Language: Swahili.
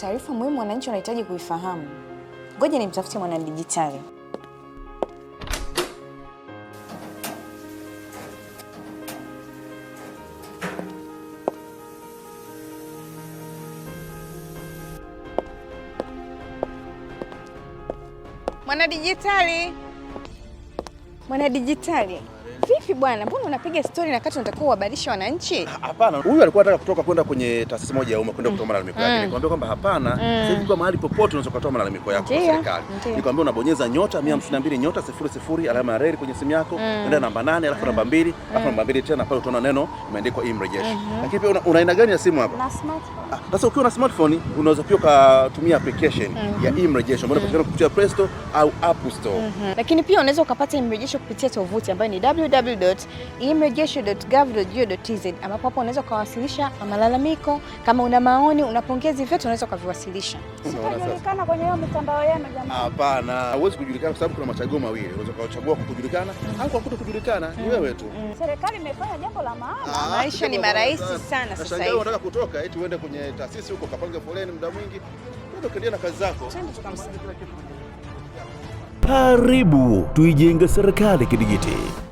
taarifa muhimu wananchi wanahitaji kuifahamu. Ngoja nimtafutie mwanadijitali. Mwanadijitali, mwanadijitali. Vipi bwana, mbona unapiga stori na kati unatakiwa uhabarishe wananchi? Hapana, huyu alikuwa anataka kutoka kwenda kwenye taasisi moja ya umma kwenda kutoa mm. malalamiko yake. Mm. Nikamwambia kwamba hapana, mm. sasa kwa mahali popote unaweza kutoa malalamiko yako kwa serikali. Nikamwambia unabonyeza nyota 152 nyota 00 alama ya reli kwenye simu yako, unaenda namba 8 alafu namba 2, alafu namba 2 tena pale utaona neno imeandikwa imrejeshi. Mm-hmm. Lakini pia una aina gani ya simu hapa? Na smartphone. Ah, sasa ukiwa na smartphone unaweza pia ukatumia application mm-hmm. ya imrejeshi ambayo inapatikana kupitia Play Store au App Store. Mm-hmm. Lakini pia unaweza ukapata imrejesho kupitia tovuti ambayo ni www www.imejesho.gov.go.tz ambapo hapo unaweza ukawasilisha malalamiko, kama una maoni, una pongezi, vyote unaweza ukaviwasilisha. Unajulikana kwenye hiyo mitandao yenu jamani? Hapana, huwezi kujulikana kwa sababu kuna machaguo mawili, unaweza kuchagua kujulikana au kwa kutokujulikana, ni wewe tu. Mm. Mm. Serikali imefanya jambo la maana, ah, maisha ni marahisi sana sasa hivi. Sasa Unataka kutoka eti uende kwenye taasisi huko kapange foleni muda mwingi, ndio kaendelea na kazi zako. Karibu tuijenge serikali kidigiti.